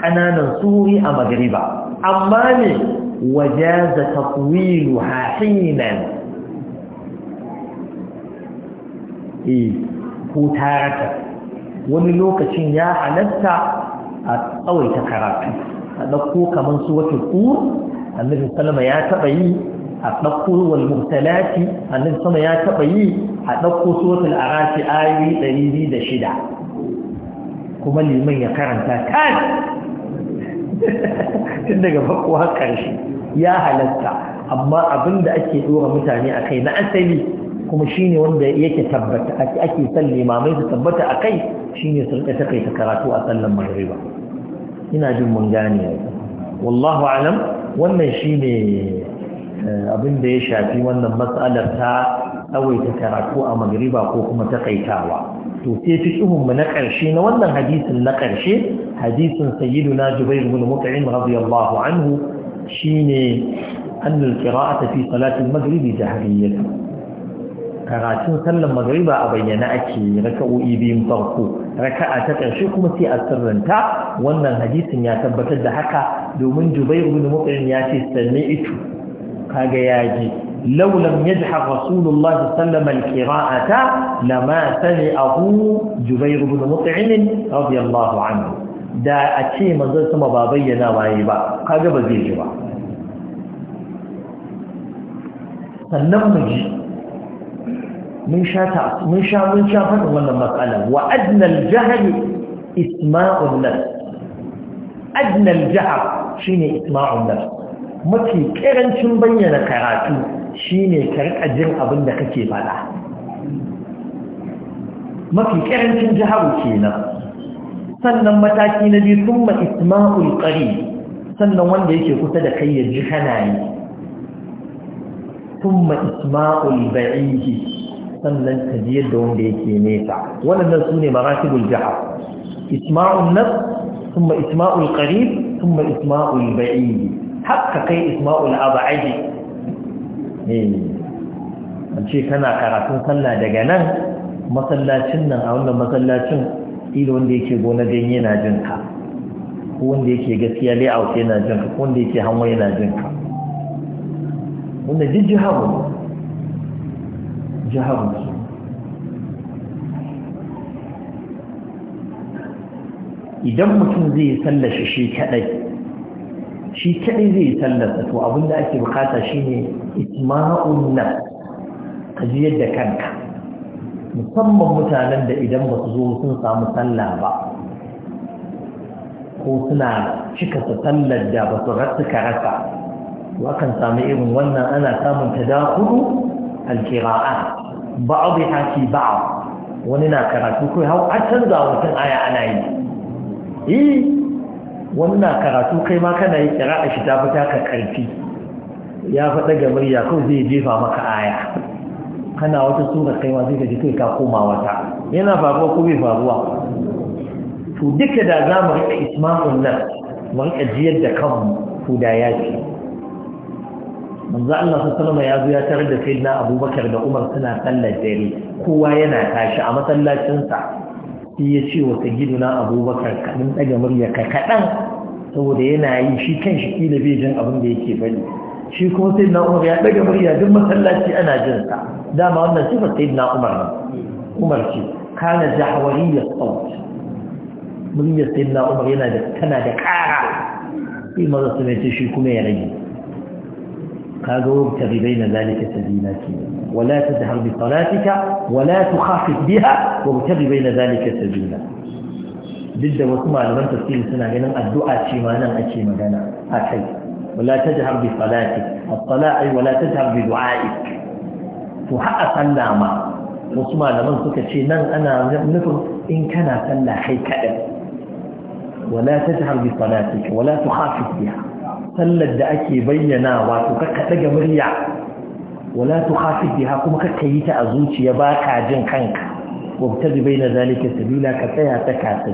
ƙananan suri a magariba amma ne wajaza tafwilu hahinan eh ko tarata wani lokacin ya halatta a tsawaita karatu a ɗauko kamar su wata ku annabi salama ya taɓa yi a ɗauko wal mubtalati sama ya taɓa yi a ɗauko suratul arafi ayoyi ɗari biyu da shida kuma liman ya karanta kan tun daga farko har ƙarshe ya halatta amma abin da ake ɗora mutane a kai na asali kuma shine wanda yake tabbata ake san limamai su tabbata a kai shine su rika ta karatu a sallan magariba ina jin mun gane yanzu wallahu alam wannan shine Eh, abin da ya shafi wannan matsalar ta tsawaita karatu a magriba ko kuma takaitawa to sai fiqhun mu na ƙarshe na wannan hadisin na ƙarshe hadisin sayyiduna jubair bin mut'im radiyallahu anhu shine أن القراءة في صلاة المغرب جهرية karatun sallar magariba a bayyana ake raka'o'i biyun farko raka'a ta ƙarshe kuma sai a sirrinta wannan hadisin ya tabbatar da haka domin Jubair bin Mut'im ya ce sanne itu kaga yaji law lam yajha rasulullahi sallallahu alaihi wasallam lama sami'ahu jubair ibn mut'im radiyallahu anhu da a ce manzon sama ba bayyana waye ba kaga ba zai ji ba sannan mu ji mun sha mun sha mun sha faɗin wannan matsalar wa adna al-jahl isma'un nas adna al-jahl shine isma'un nas mafi ƙirancin bayyana karatu shine karka jin abin da kake faɗa mafi karancin jiharu kenan sannan mataki na biyu kuma isma'ul ƙari sannan wanda yake kusa da kai ya ji hanayi yi kuma isma'ul ba'ihi sannan ta ji yadda wanda yake nesa waɗannan su ne maratibul jihar, isma'ul nas kuma isma'ul qarib kuma isma'ul ba'ihi Haka kai isma'ul abu'aji eh, an ce kana karatun sallah daga nan masallacin nan a wannan masallacin ila wanda yake gona don yana jin ka ko wanda yake gaskiya layout yana jin ka ko wanda yake hanwa yana jin ka wanda duk jihabu jihabu idan mutum zai sallashi shi kadai shi kadai zai yi tallata to abin da ake bukata shine itma'un nas ka da kanka musamman mutanen da idan ba su zo sun samu sallah ba ko suna cika su sallar da ba su suka rasa wakan samu irin wannan ana samun ta dakuru alkira'a ba'adu haki ba'a wani na karatu kai hau a canza mutum aya ana yi eh, wannan karatu kai ma kana yi kira a shi ta fita ka karfi ya faɗa ga murya kawai zai jefa maka aya kana wata sura kai ma zai ka ji ka koma wata yana faruwa ko bai faruwa to duka da za mu riƙa isma'un nan mu riƙa jiyar da kanmu to da ya ce manzo Allah sallallahu ya zo ya tarar da sayyidina Abubakar da Umar suna sallar dare kowa yana tashi a masallacinsa shi ya ce wa sayyiduna abubakar kaɗan ɗaga murya ka kaɗan saboda yana yi shi kan shi kila bai jin abin da yake bari shi kuma sai na umar ya ɗaga murya duk masallaci ana jin sa dama wannan sifar sai na umar ne umar ce kana jahawari ya sauti muryar sai na umar yana da tana da ƙara sai maza su mai ce shi kuma ya rage kaga wata ribai na zalika sabina kenan ولا تجهر بصلاتك ولا تخافت بها وابتغ بين ذلك سبيلا duk da wasu malaman tafsiri suna ganin addu'a ce ma nan ake magana a kai wala tajhar bi salati as-sala ay wala tajhar bi du'a'i to ha'a sallah wasu malaman suka ce nan ana nufin in kana sallah kai kadan wala bi wala sallar da ake bayyana wato ka murya wala tukhafid biha kuma ka ta a zuciya ba ka jin kanka wabtabi baina zalika sabila ka tsaya ta kasaki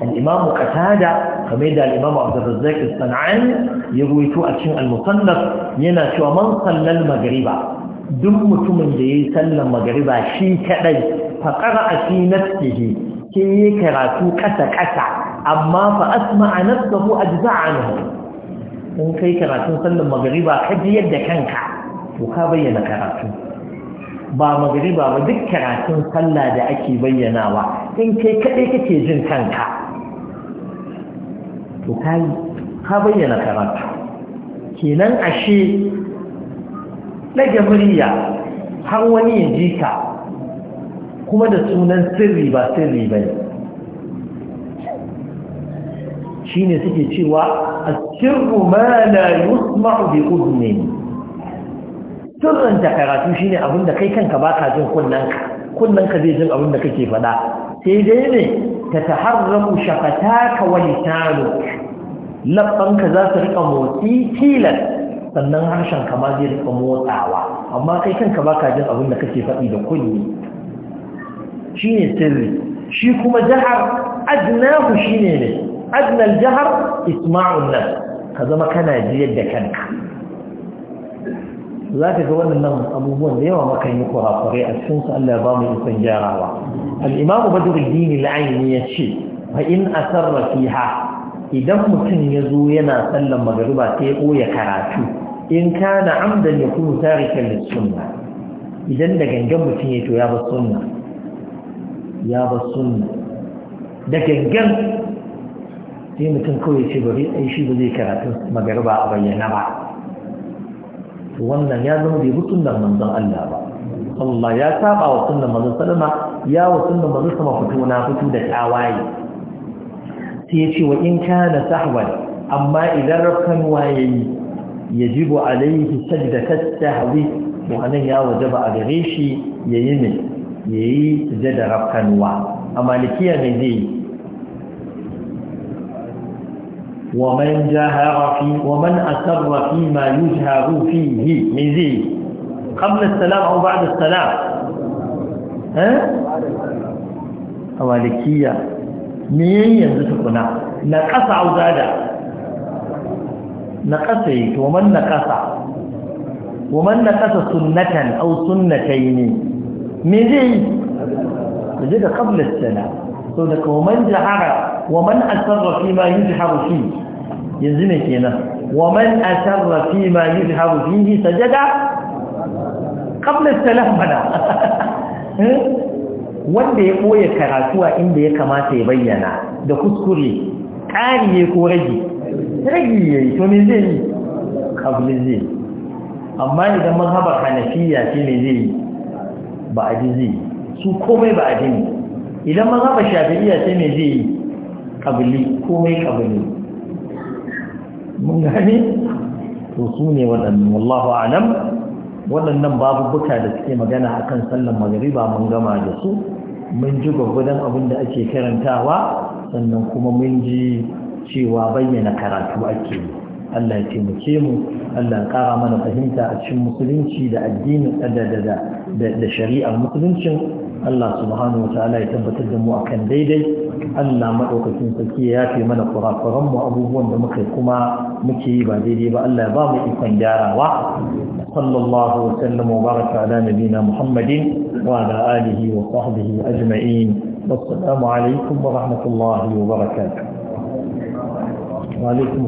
al Katada, qatada kamar da al-imam abdurrazzaq as-sanani ya ruwaito a cikin al-musannaf yana cewa man sallal magriba duk mutumin da yayi sallar magriba shi kadai fa qara'a fi nafsihi sai karatu kasa kasa amma fa asma'a nafsuhu ajza'anhu in kai karatun sallar magariba ka ji yadda kanka to ka bayyana karatu ba magariba ba duk karatun sallah da ake bayyana bayyanawa in kai kaɗai kake jin kanka to ka bayyana karatu kenan ashe ɗage murya har wani ya ji ka kuma da sunan sirri ba sirri ba shine suke cewa asirru ma yi yusma'u bi udni sirrin karatu shine abin da kai kanka baka jin kunnanka kunnanka zai jin abin da kake faɗa sai dai ne ta taharramu shafataka wa lisanuk labbanka za su rika motsi tilas sannan harshen ka ma zai rika motsawa amma kai kanka baka jin abin da kake faɗi da kunni ne sirri shi kuma jahar ajnahu shine ne adnal jihar jahr isma'un ka zama kana jiyar da kanka za ka ga wannan abubuwan da yawa maka yi kurakurai a cikin su Allah ba mu ikon gyarawa al-imam badruddin dini aini ya ce fa in asarra fiha idan mutum ya zo yana sallan magariba sai ya koya karatu in kana amdan yakunu tarikan lis-sunnah idan da gangan mutum ya to ya ba sunna ya ba sunna da gangan sai mutum kawai ce bari ai shi ba zai karatu magariba a bayyana ba wannan ya zama bai bi sunnar manzon Allah ba Allah ya saba wa sunnar manzon sallama ya wa sunnar manzon sama fito na fito da tawaye sai ya ce wa in kana sahwan amma idan rafkan wayayi yajibu alaihi sajdatat sahwi wannan ya wajaba a gare shi yayi ne yayi sujada wa. a malikiya ne zai ومن جهر في ومن أسر فيما يجهر فيه من زي قبل السلام أو بعد السلام ها أولكية مين ينزلنا نقص أو زاد نقص ومن نقص ومن نقص سنة أو سنتين من زي قبل السلام سودك ومن جهر wa man asarra fi ma yuzharu fi yanzu ne kenan wa man asarra fi ma yuzharu fihi sajada qabla salam bada eh? wanda ya boye karatuwa inda ya kamata ya bayyana da kuskure ne ko rage rage yayi to me zai yi qabla zai amma idan mazhabar hanafiya ne zai yi ba ajizi su komai ba ajizi idan mazhabar shafi'iyya sai me zai yi ƙabili komai ƙabili mun gane to su ne waɗannan wallahu alam waɗannan babubuka da suke magana akan sallan magariba mun gama da su mun ji gwagwadon abin da ake karantawa sannan kuma mun ji cewa bayyana karatu ake yi Allah ya taimake mu Allah ya ƙara mana fahimta a cikin musulunci da addinin da da da shari'ar musuluncin Allah subhanahu wataala ya tabbatar da mu akan daidai Allah madaukakin sarki ya yafe mana kurakuran mu abubuwan da muka kuma muke yi ba daidai ba Allah ya ba mu ikon gyarawa sallallahu wa sallama wa baraka ala nabina Muhammadin wa ala alihi wa sahbihi ajma'in wassalamu alaikum wa rahmatullahi wa barakatuh wa alaikum